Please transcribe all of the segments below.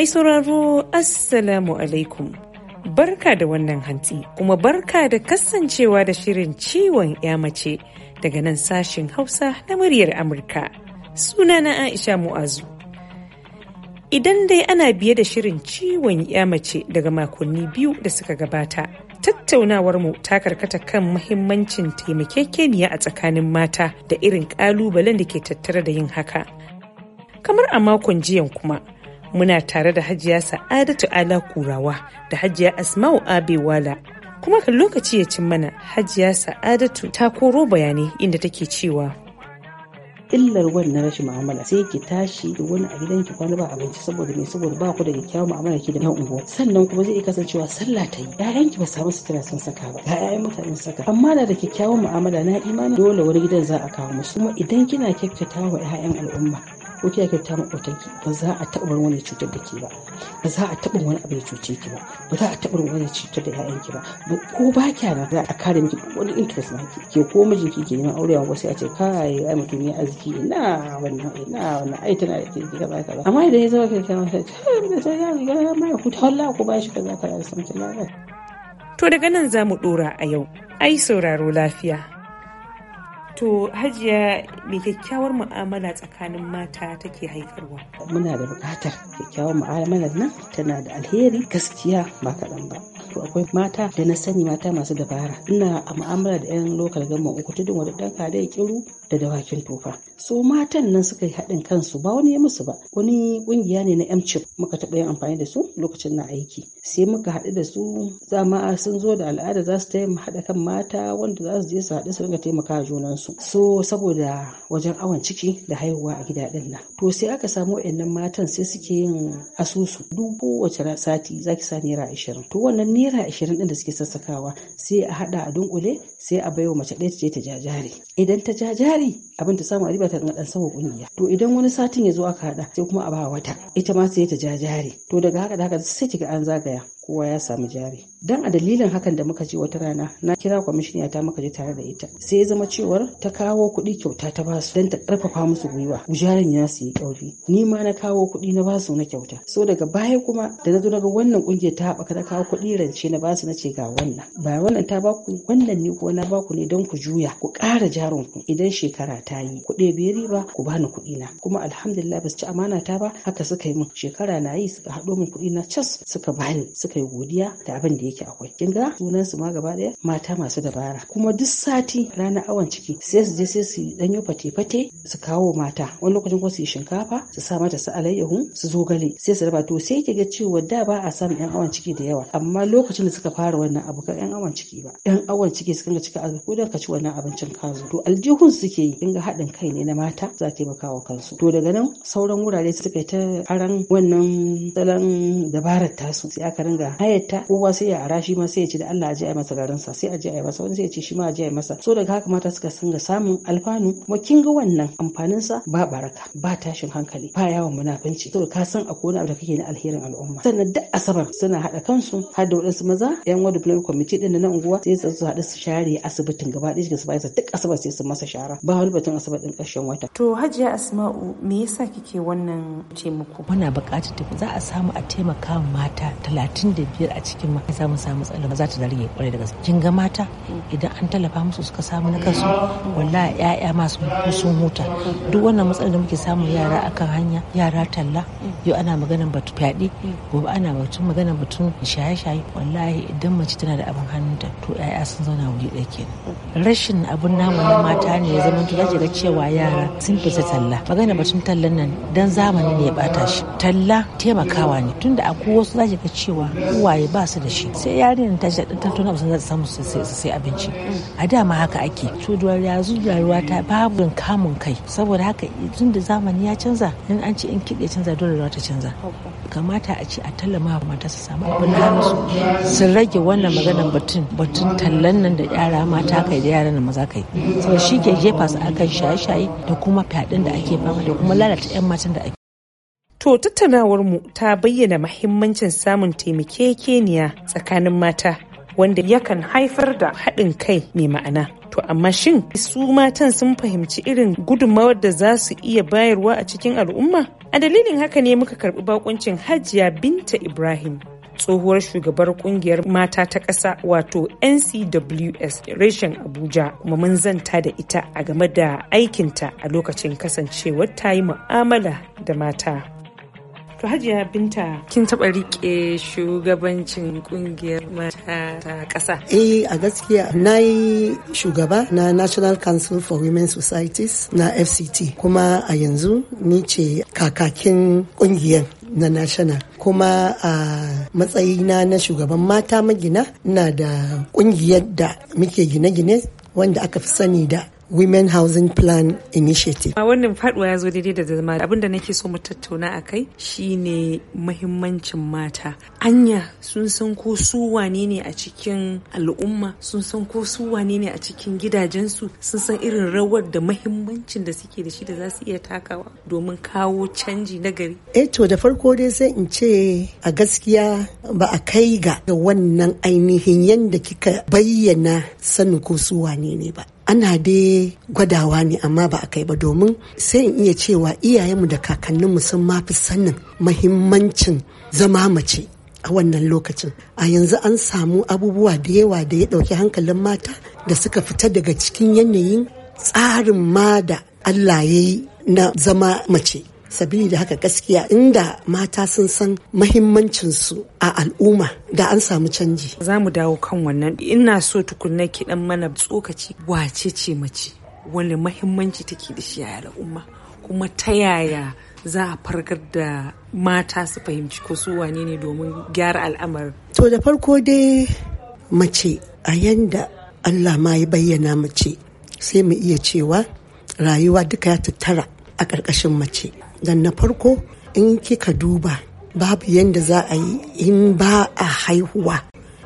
Mai sauraro Assalamu alaikum. Barka da wannan hantsi kuma barka da kasancewa da shirin ciwon ya mace daga nan sashen Hausa na muryar Amurka. suna na Aisha Mu'azu. Idan dai ana biye da shirin ciwon ya mace daga makonni biyu da suka gabata, tattaunawarmu ta karkata kan mahimmancin taimakekeniya a tsakanin mata da irin ƙalubalen da ke tattare da yin haka. Kamar a makon jiyan kuma, muna tare da hajiya sa'adatu ala kurawa da hajiya asma'u abewala kuma kan lokaci ya cin mana hajiya sa'adatu ta koro bayanai inda take cewa illar wannan rashin mu'amala sai ki tashi da wani a gidan ki kwana ba abinci saboda me saboda ba ku da kyakkyawan mu'amala ki da yan sannan kuma zai kasancewa sallah ta yi yayan ki ba samu sutura sun saka ba ga ƴaƴan mutanen saka amma na da kyakkyawan mu'amala na imani dole wani gidan za a kawo musu kuma idan kina wa ƴaƴan al'umma ko ta kyauta ki ba za a taɓa wani cutar da ke ba ba za a taɓa wani abu ya cuce ki ba ba za a taɓa wani cutar da ki ba ko ba kya na za a kare miki wani interest na ki ko ki ke neman aure aurewa wasu a ce kai ai mutum ya arziki ina wannan ina wannan ai tana da ba ka ba amma idan ya zama kai kai mata ta ta ya riga ya mai ku ta Allah ku ba shi kaza kaza sun ta lafiya to daga nan za mu dora a yau ai sauraro lafiya To hajiya mai kyakkyawar mu'amala tsakanin mata take haifarwa? Muna da bukatar kyakkyawar mu'amalar nan tana da alheri gaskiya ba kaɗan ba. To akwai mata da na sani mata masu dabara. Ina a mu'amala da 'yan lokal gama uku tudun wadda ɗan kada ya kiru da dawakin tofa so matan nan suka yi haɗin kansu ba wani ya musu ba wani ƙungiya ne na mchip muka taɓa yin amfani da su lokacin na aiki sai muka haɗu da su zama sun zo da al'ada za su taimaka haɗa kan mata wanda za su je su haɗu su ringa taimaka junansu so saboda wajen awon ciki da haihuwa a gida ɗin nan to sai aka samu wayannan matan sai suke yin asusu duk wace sati za ki sa naira ashirin to wannan naira ashirin ɗin da suke sassakawa sai a haɗa a dunkule sai a baiwa mace ɗaya ta je ta jajare idan ta jajare tsari abin ta samu a riba ta ɗan sama ƙungiya to idan wani satin ya zo aka haɗa sai kuma a ba wata ita ma sai ta ja jari to daga haka da haka sai kiga an zagaya kowa ya samu jari dan a dalilin hakan da muka je wata rana na kira kwamishiniya ta muka je tare da ita sai ya zama cewar ta kawo kuɗi kyauta ta basu dan ta ƙarfafa musu gwiwa jarin ya su yi ƙauri ni ma na kawo kuɗi na basu na kyauta so daga baya kuma da na zo daga wannan ƙungiyar ta haɓaka na kawo kuɗi rance na basu na ce ga wannan ba wannan ta ba ku. wannan ni ko na ba ku ne don ku juya ku ƙara jarin ku idan shekara ta yi ku bai riba ku bani kuɗi na kuma alhamdulillah ba su ci amana ta ba haka suka yi min shekara na yi suka haɗo min kuɗi na cas suka bani suka kai godiya da abin da yake akwai kin ga sunan su ma gaba daya mata masu dabara kuma duk sati ranar awon ciki sai su je sai su dan yi fate fate su kawo mata wani lokacin kuma su yi shinkafa su sa mata su alayyahu su zo gale sai su raba to sai ki ga cewa da ba a samun yan awan ciki da yawa amma lokacin da suka fara wannan abu ka yan awan ciki ba yan awan ciki suka ga cika azu ko da ka ci wannan abincin ka to aljihun suke yi kin haɗin kai ne na mata za ta taimakawa kansu to daga nan sauran wurare suka yi ta aran wannan salon dabarar tasu sai aka ga hayata kowa sai ya ara shi ma sai ya ce da Allah a ji a masa garin sa sai a ji a masa wani sai ya ce shi ma a ji a masa so daga haka mata suka ga samun alfanu kuma kin ga wannan amfanin sa ba baraka ba tashin hankali ba yawan munafinci to ka san a wani abu da kake na alherin al'umma sannan duk asabar suna haɗa kansu har da wadansu maza yan ward plan committee din na unguwa sai su hadu su share asibitin gaba ɗaya su bayar duk asabar sai su masa shara ba wani batun asabar din ƙarshen wata to hajiya asma'u me yasa kike wannan taimako muna buƙatar za a samu a taimaka mata talatin 65 a cikin ma za mu samu matsala za ta rage kwarai da gaske kin ga mata idan an tallafa musu suka samu na kansu wallahi yaya masu sun huta duk wannan matsalar da muke samu yara akan hanya yara talla yau ana maganar batu fyaɗe gobe ana batun maganar batun shaye-shaye wallahi idan mace tana da abin hannunta to yara sun zauna wuri ɗaya kenan rashin abun namu na mata ne ya zama za ga cewa yara sun fita talla magana batun tallan nan dan zamani ne ya bata shi talla taimakawa ne tunda kowa su zaki ga cewa uwaye ba su da shi sai yarinyar ta da ta tona sun za ta samu sai abinci a da ma haka ake to da yanzu rayuwa ta babu kamun kai saboda haka tunda zamani ya canza in an ce in kiɗe canza dole rayuwa ta canza kamata a ce a tallama mata su samu abin da su rage wannan maganar batun batun talla tallan nan da yara mata kai da yaran da maza kai saboda shi ke jefa su akan shaye-shaye da kuma fyaɗin da ake fama da kuma lalata 'yan matan da ake To mu ta bayyana mahimmancin samun taimakekeniya tsakanin mata wanda yakan haifar da haɗin kai mai ma'ana. To amma shin su matan sun fahimci irin gudunmawar da za su iya bayarwa a cikin al'umma? A dalilin haka ne muka karɓi bakuncin Hajiya Binta Ibrahim. tsohuwar shugabar kungiyar mata ta ƙasa wato ncws reshen abuja kuma mun zanta da ita a game da aikinta a lokacin kasancewar ta yi mu'amala da mata To Hajiya Binta kin taba riƙe shugabancin ƙungiyar mata ta ƙasa? Eh a gaskiya na yi shugaba na National Council for Women Societies na FCT kuma a yanzu ni ce kakakin ƙungiyar na national kuma a matsayina na shugaban mata magina ina da kungiyar da muke gine-gine wanda aka fi sani da Women Housing Plan Initiative. A wannan faduwa ya zo daidai da zama abin da nake so mu tattauna a kai shine mahimmancin mata. Anya sun san ko su wane ne a cikin al'umma, sun san ko su wane ne a cikin gidajensu, sun san irin rawar da mahimmancin da suke da shi da za su iya takawa domin kawo canji na gari. Eh to da farko dai sai in ce a gaskiya ba a kai ga wannan ainihin yadda kika bayyana sanin ko su wane ne ba. ana dai gwadawa ne amma ba a kai ba domin sai in iya cewa iyayenmu da kakanninmu sun mafi sanin mahimmancin zama mace a wannan lokacin a yanzu an samu abubuwa da yawa da ya ɗauki hankalin mata da suka fita daga cikin yanayin tsarin ma da allah ya yi na zama mace sabili da haka gaskiya inda mata sun san mahimmancinsu a al'umma da an samu canji za mu dawo kan wannan ina so tukunna kiɗan mana tsokaci wace ce mace wani mahimmanci take da shi a al'umma kuma ta yaya za a fargar da mata su fahimci ko su wane ne domin gyara al'amar to da farko dai mace a yanda Allah ma ya bayyana mace sai mu iya cewa rayuwa duka ya tattara a ƙarƙashin mace dan na farko in kika duba babu yadda za a yi in ba a haihuwa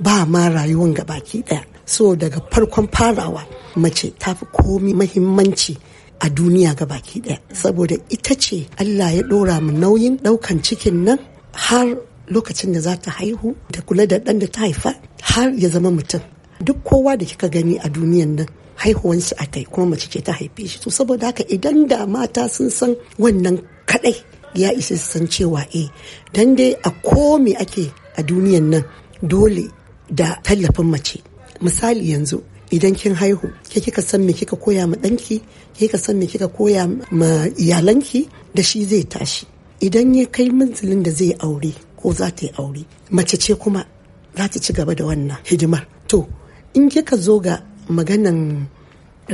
ba ma rayuwan ga baki daya so daga farkon farawa mace ta fi komi mahimmanci a duniya ga baki daya saboda ita ce allah ya dora mu nauyin daukan cikin nan har lokacin da za ta haihu da kula da ɗan da ta haifa har ya zama mutum duk kowa da kika gani a duniyan nan haihuwansu a kai kuma mace ce ta haife shi to saboda haka idan da mata sun san wannan kadai ya isa san cewa eh dan dai a me ake a duniyan nan dole da tallafin mace misali yanzu idan kin haihu ke kika san me kika koya ma danki ke kika san me kika koya ma iyalanki da shi zai tashi idan ya kai manzilin da zai aure ko za ta yi aure mace ce kuma za ta ci gaba da wannan hidimar to in kika zo ga maganan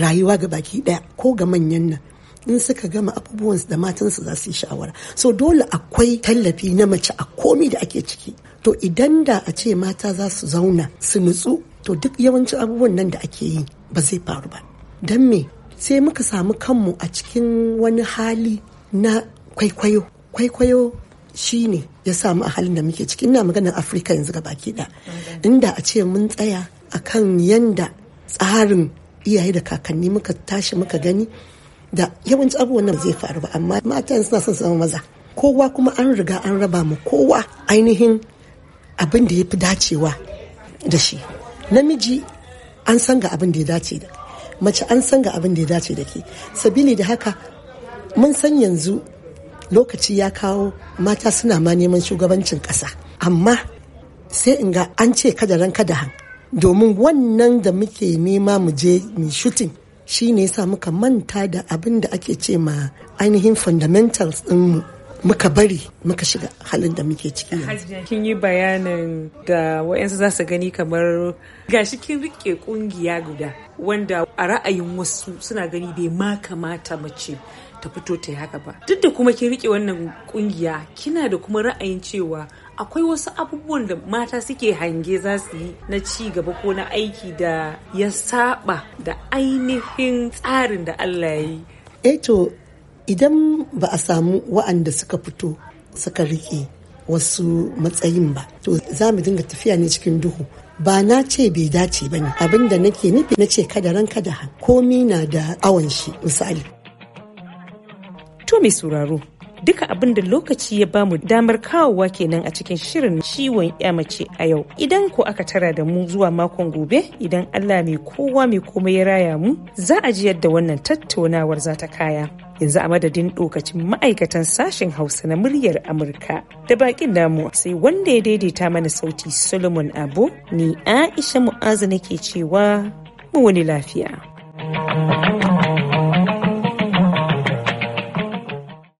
rayuwa ga baki daya ko ga manyan nan in suka gama abubuwan da matansu za su yi shawara so dole akwai tallafi na mace a komi da ake ciki to idan da a ce mata za su zauna su nutsu to duk yawancin abubuwan nan da ake yi ba zai faru ba don me sai muka samu kanmu a cikin wani hali na kwaikwayo kwaikwayo shi ne ya samu a halin da muke ciki ina maganar afirka yanzu ga baki da inda a ce mun tsaya akan yanda tsarin iyaye da kakanni muka tashi muka gani da yawanci abubuwan nan zai faru ba amma matan suna son zama maza kowa kuma an riga an raba mu kowa ainihin abin da ya fi dacewa da shi namiji an san ga abin da ya dace da mace an san ga abin da ya dace da ke sabili da haka mun san yanzu lokaci ya kawo mata suna ma neman shugabancin ƙasa amma sai in ga an ce kada ran kada han domin wannan da muke nema mu je mu shutin shi ne sa muka manta da abin da ake ce ma ainihin fundamentals mu muka bari muka shiga halin da muke ciki kin yi bayanin da wa'yansu za su gani kamar gashi kin rike kungiya guda wanda a ra'ayin wasu suna gani bai ma kamata mace ta fito ta yi haka ba duk da kuma kin rike wannan kungiya kina da kuma ra'ayin cewa akwai wasu abubuwan da mata suke hange za su yi na ci gaba ko na aiki da ya saba da ainihin tsarin da Allah ya yi eto eh idan ba a samu wa'anda suka fito suka riƙe wasu matsayin ba to za mu dinga tafiya ne cikin duhu ba na ce bai dace ba ne abinda nake nufi na ce kada ranka da komi na da awon shi misali To mai sauraro, duka abin da lokaci ya bamu damar kawowa kenan a cikin shirin ciwon mace a yau idan ko aka tara da mu zuwa makon gobe idan allah mai kowa mai komai ya raya mu za a ji yadda wannan tattaunawar za ta kaya yanzu a madadin ɗokacin ma'aikatan sashen hausa na muryar amurka da bakin namu sai wanda ya daidaita mana sauti solomon abu ni aisha mu'azu nake cewa mu wani lafiya. thank you